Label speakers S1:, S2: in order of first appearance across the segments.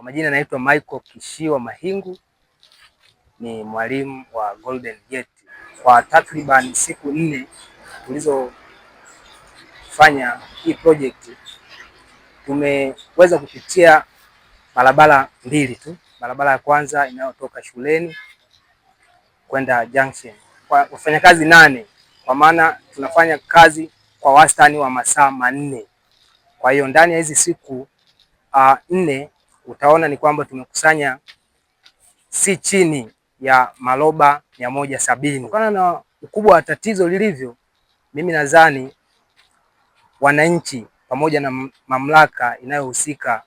S1: Kwa majina naitwa Michael Kishiwa Mahingu, ni mwalimu wa Golden Gate. Kwa takriban siku nne tulizofanya hii project, tumeweza kupitia barabara mbili tu. Barabara ya kwanza inayotoka shuleni kwenda junction kwa wafanyakazi nane, kwa maana tunafanya kazi kwa wastani wa masaa manne. Kwa hiyo ndani ya hizi siku uh, nne utaona ni kwamba tumekusanya si chini ya maloba mia moja sabini. Kutokana na ukubwa wa tatizo lilivyo, mimi nadhani wananchi pamoja na mamlaka inayohusika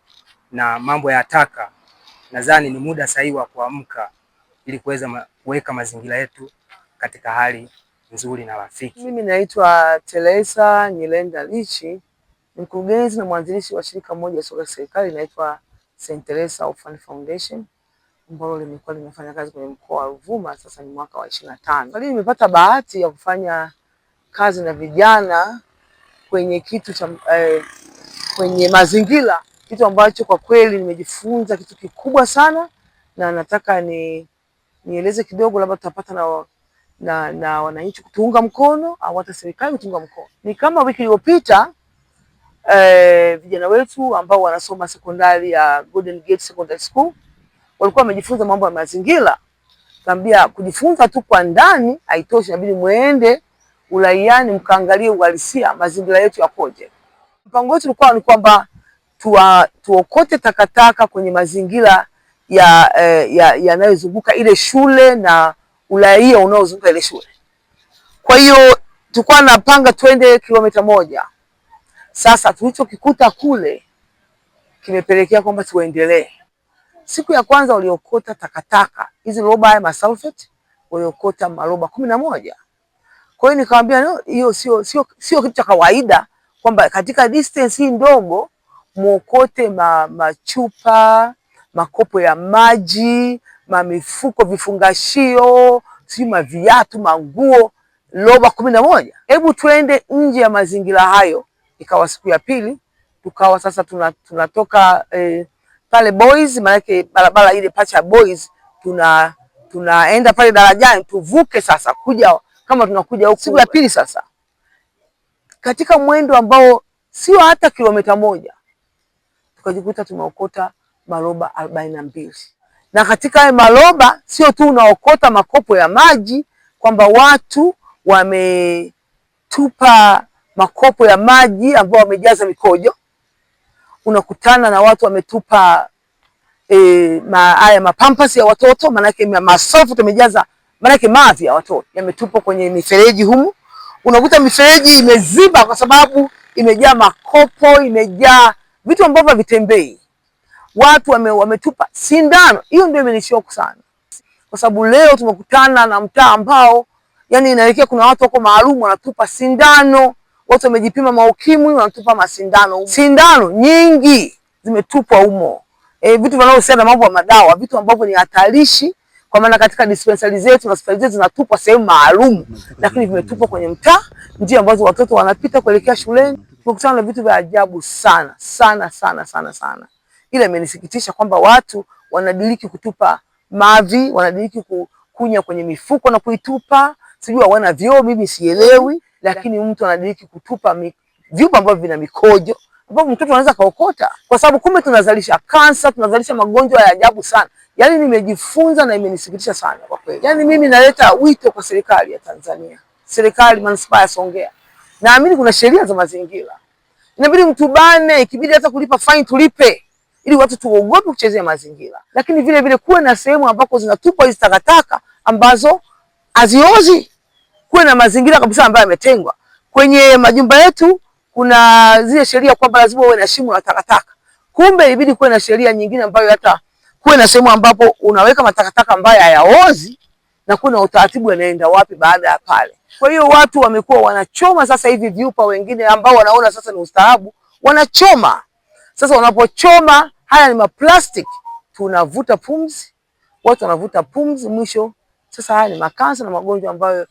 S1: na mambo ya taka, nadhani ni muda sahihi wa kuamka ili kuweza kuweka mazingira yetu katika hali nzuri na rafiki.
S2: Mimi naitwa Teresa Nyilenda Lichi, mkurugenzi na mwanzilishi wa shirika moja soka serikali inaitwa Foundation ambalo limekuwa linafanya kazi kwenye mkoa wa Ruvuma sasa ni mwaka wa ishirini na tano. Kwa hiyo nimepata bahati ya kufanya kazi na vijana kwenye kitu cha eh, kwenye mazingira, kitu ambacho kwa kweli nimejifunza kitu kikubwa sana, na nataka ni nieleze kidogo, labda tutapata na na, na wananchi kutuunga mkono au hata serikali kutuunga mkono. Ni kama wiki iliyopita Eh, vijana wetu ambao wanasoma sekondari ya Golden Gate Secondary School walikuwa wamejifunza mambo ya mazingira. Kaambia kujifunza tu kwa ndani haitoshi, inabidi muende uraiani mkaangalie uhalisia mazingira yetu yakoje. Mpango wetu ulikuwa ni kwamba tuokote takataka kwenye mazingira eh, yanayozunguka ya, ya ile shule na uraia unaozunguka ile shule. Kwa hiyo tulikuwa napanga twende kilomita moja sasa tulichokikuta kule kimepelekea kwamba tuendelee. Siku ya kwanza waliokota takataka hizi roba ya masulfate, waliokota maroba kumi na moja. Kwa hiyo nikamwambia hiyo sio sio sio kitu cha kawaida kwamba katika distance hii ndogo muokote ma, machupa makopo ya maji mamifuko vifungashio sijui maviatu manguo roba kumi na moja. Hebu tuende nje ya mazingira hayo Ikawa siku ya pili tukawa sasa tunatoka eh, pale boys, maanake barabara ile pacha boys, tuna tunaenda pale darajani tuvuke sasa kuja kama tunakuja huku. Siku ya pili sasa, katika mwendo ambao sio hata kilomita moja, tukajikuta tumeokota maroba arobaini na mbili na katika hayo maroba sio tu unaokota makopo ya maji kwamba watu wametupa makopo ya maji ambao wamejaza mikojo. Unakutana na watu wametupa e, ma, haya mapampasi ya watoto, manake masofu tumejaza, manake mavi ya watoto yametupwa kwenye mifereji humu. Unakuta mifereji imeziba kwa sababu imejaa makopo, imejaa vitu ambavyo havitembei. Watu wame, wametupa sindano. Hiyo ndio imenishoku sana, kwa sababu leo tumekutana na mtaa ambao yani inaelekea kuna watu wako maalum wanatupa sindano watu wamejipima maukimwi, wanatupa masindano umo. Sindano nyingi zimetupwa humo, e, vitu vinavyohusiana na mambo ya madawa, vitu ambavyo ni hatarishi kwa maana katika dispensari zetu na hospitali zetu zinatupwa sehemu maalum, lakini vimetupwa kwenye mtaa, njia ambazo watoto wanapita kuelekea shuleni. Tumekutana na vitu vya ajabu sana sana sana sana sana, ila imenisikitisha kwamba watu wanadiriki kutupa mavi, wanadiriki kunya kwenye mifuko na kuitupa sijui wana vyoo, mimi sielewi, mm-hmm. lakini mtu anadiriki kutupa vyupa ambavyo vina mikojo ambapo mtoto anaweza kaokota, kwa sababu kumbe tunazalisha kansa, tunazalisha magonjwa ya ajabu sana. Yani nimejifunza na imenisikitisha sana kwa kweli. Yani mimi naleta wito kwa serikali ya Tanzania, serikali manispaa ya Songea, naamini kuna sheria za mazingira, inabidi mtu bane, ikibidi hata kulipa fine tulipe ili watu tuogope kuchezea mazingira, lakini vile vile kuwe na sehemu ambako zinatupa hizi takataka ambazo haziozi kuwe na mazingira kabisa ambayo yametengwa kwenye majumba yetu. Kuna zile sheria kwamba lazima uwe na shimo la takataka, kumbe ilibidi kuwe na sheria nyingine ambayo hata kuwe na sehemu ambapo unaweka matakataka ambayo hayaozi na kuna utaratibu yanaenda wapi baada ya pale. Kwa hiyo watu wamekuwa wanachoma sasa hivi vyupa, wengine ambao wanaona sasa ni ustaarabu wanachoma. Sasa wanapochoma haya ni maplastic, tunavuta pumzi, watu wanavuta pumzi, mwisho sasa haya ni makansa na magonjwa ambayo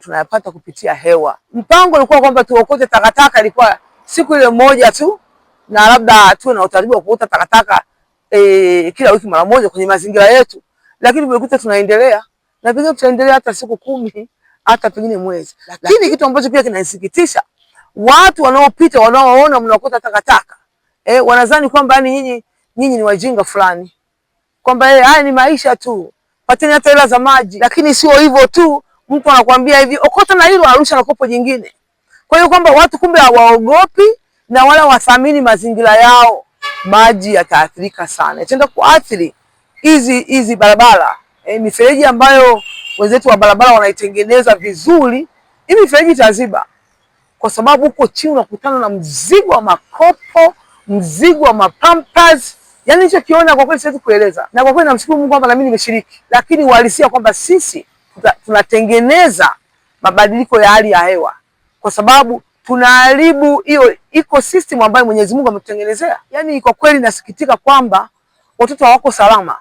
S2: tunayapata kupitia hewa. Mpango ulikuwa kwamba tuokote takataka, ilikuwa siku ile moja tu, na labda tuwe na utaratibu wa kuota takataka e, kila wiki mara moja kwenye mazingira yetu, lakini tumekuta tunaendelea na pengine tutaendelea hata siku kumi hata pengine mwezi. Lakini kitu ambacho pia kinanisikitisha, watu wanaopita wanaoona mnaokota takataka eh, wanadhani kwamba yani nyinyi nyinyi ni wajinga fulani, kwamba eh, haya ni maisha tu, pateni hata hela za maji. Lakini sio hivyo tu, mtu anakuambia hivi, okota na hilo Arusha na kopo jingine. Kwa hiyo kwamba watu kumbe hawaogopi na wala wathamini mazingira yao, maji yataathirika sana, itaenda kuathiri hizi hizi barabara e, mifereji ambayo wenzetu wa barabara wanaitengeneza vizuri, hii mifereji itaziba, kwa sababu huko chini unakutana na mzigo wa makopo, mzigo wa mapampers. Yani hicho kiona kwa kweli siwezi kueleza, na kwa kweli namshukuru Mungu kwamba nami nimeshiriki, lakini uhalisia kwamba sisi tunatengeneza mabadiliko ya hali ya hewa, kwa sababu tunaharibu hiyo ecosystem ambayo Mwenyezi Mungu ametutengenezea. Yani kwa kweli nasikitika kwamba watoto hawako salama,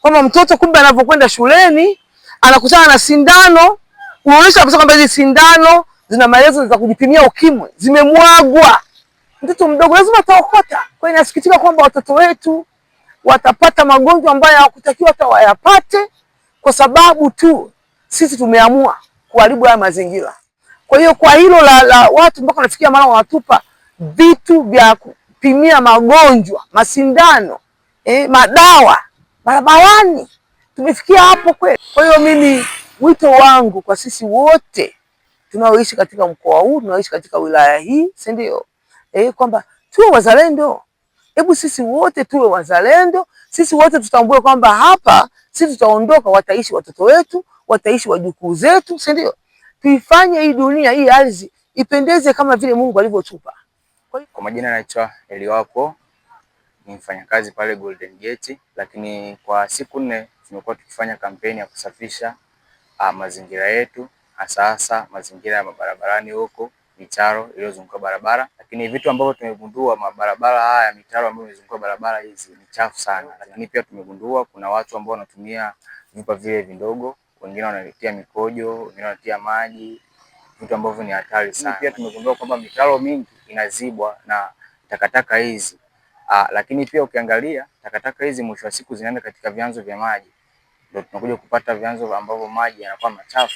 S2: kwamba mtoto kumbe anapokwenda shuleni anakutana na sindano, unaonyesha kabisa kwamba hizi sindano zina maelezo za kujipimia ukimwi, zimemwagwa. Mtoto mdogo lazima ataokota. Kwa hiyo nasikitika kwamba watoto wetu watapata magonjwa ambayo hawakutakiwa hata wayapate kwa sababu tu sisi tumeamua kuharibu haya mazingira. Kwa hiyo kwa hilo la, la watu mpaka wanafikia mara wanatupa vitu vya kupimia magonjwa, masindano eh, madawa barabarani. Tumefikia hapo kweli. Kwa hiyo mimi wito wangu kwa sisi wote tunaoishi katika mkoa huu tunaoishi katika wilaya hii, si ndio? Eh, kwamba tuwe wazalendo. Hebu sisi wote tuwe wazalendo, sisi wote tutambue kwamba hapa sisi tutaondoka, wataishi watoto wetu wataishi wajukuu zetu, si ndio? Tuifanye hii dunia hii ardhi ipendeze kama vile Mungu alivyotupa.
S3: Kwa majina naitwa Eliwapo, ni mfanyakazi pale Golden Gate, lakini kwa siku nne tumekuwa tukifanya kampeni ya kusafisha uh, mazingira yetu hasa hasa mazingira ya mabarabarani huko mitaro iliyozunguka barabara, lakini vitu ambavyo tumegundua mabarabara haya mitaro ambayo imezunguka barabara hizi ni chafu sana, lakini pia tumegundua kuna watu ambao wanatumia vyupa vile vidogo wengine wanatia mikojo, wengine wanatia maji, vitu ambavyo ni hatari sana. Pia tumegundua kwamba mitaro mingi inazibwa na takataka hizi aa, ah, lakini pia ukiangalia takataka hizi mwisho wa siku zinaenda katika vyanzo vya maji, ndio tunakuja kupata vyanzo ambavyo maji yanakuwa machafu,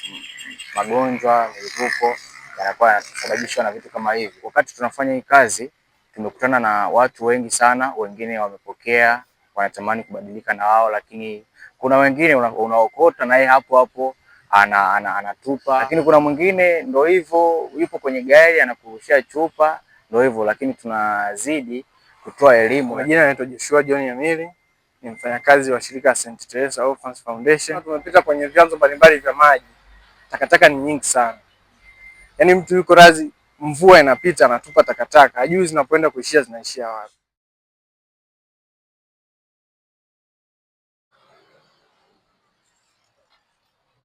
S3: magonjwa, milipuko yanakuwa yanasababishwa na vitu kama hivi. Wakati tunafanya hii kazi tumekutana na watu wengi sana, wengine wamepokea, wanatamani kubadilika na wao, lakini kuna wengine unaokota una naye hapo hapo ana, ana, anatupa, lakini kuna mwingine ndo hivyo yupo kwenye gari anakurushia chupa ndo hivyo, lakini tunazidi kutoa elimu. Majina yanaitwa Joshua John Yamili, ni mfanyakazi wa shirika la St. Teresa Orphans Foundation. Tumepita kwenye vyanzo mbalimbali vya maji, takataka ni nyingi sana, yaani mtu yuko razi, mvua inapita anatupa takataka, hajui zinapoenda kuishia zinaishia wapi.